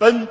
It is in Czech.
Pan